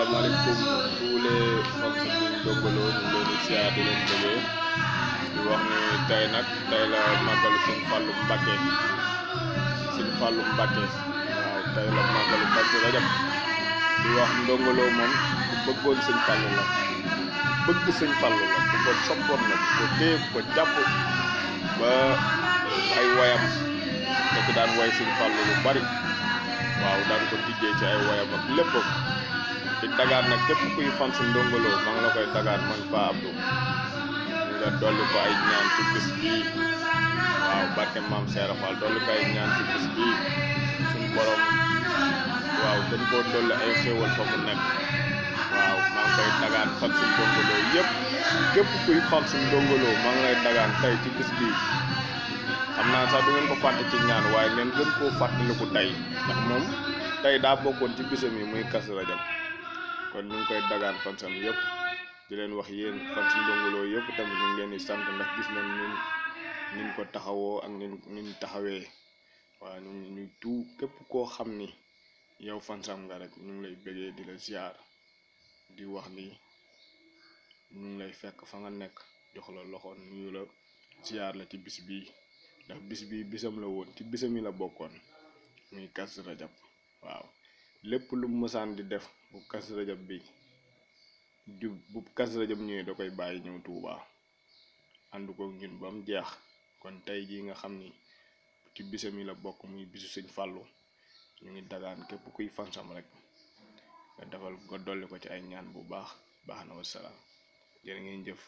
asalaamaaleykum tous les fans yi Ndongo Lo ñu leen di siyaar di leen bëggee di wax ni tey nag tey la màggalu seen fàllu la màggalu Kazu Rajab la bëgg seen fàllu la ku soppoon la ku ko ko jàpp ba ay wayam da daan way seen fàllu lu bari waaw daan ko tijjee ci ay wayam ak lépp di dagaar nag képp kuy fan si Ndongo Lo maa ngi la koy dagaar man Pa Abdou nga dolli ko ay ñaan ci bis bii waaw barke maam Seera Fall dolli ko ay ñaan ci bis bii suñu borom waaw dañ koo dolli ay xéewal fa mu waaw koy fan si Ndongo yep yëpp kuy fan si Ndongo Lo lay dagaan tey ci bis bii xam naa du ngeen ko fàtte ci ñaan waaye ngeen gën koo fàttaliku tey ndax moom ci muy kon ñu ngi koy dagaan fansam yëpp di leen wax yéen fansi Ndongo Lo yëpp tamit ñu ngi leen di sant ndax gis nañ ñun nin ko taxawoo ak nin nin taxawee waaw ñu ñu tout képp koo xam ni yow fansam nga rek ñu ngi lay di la ziar di wax ni ñu ngi lay fekk fa nga nekk jox la loxo nuyu la ziar la ci bis bii ndax bis bisam la woon ci bisam yi la bokkoon muy waaw lépp lu mu mësaan di def bu kasu rajab bi jub bu kas rajab ñëwee da koy bàyyi ñëw tuubaa ànd ko ñun ba mu jeex kon tey jii nga xam ni ci bisam yi la bokk muy bisu sëñ fàllu ñu ngi dagaan képp kuy fansam rek nga defal nga dolli ko ci ay ñaan bu baax baax na wasalaam jërë ngeen jëf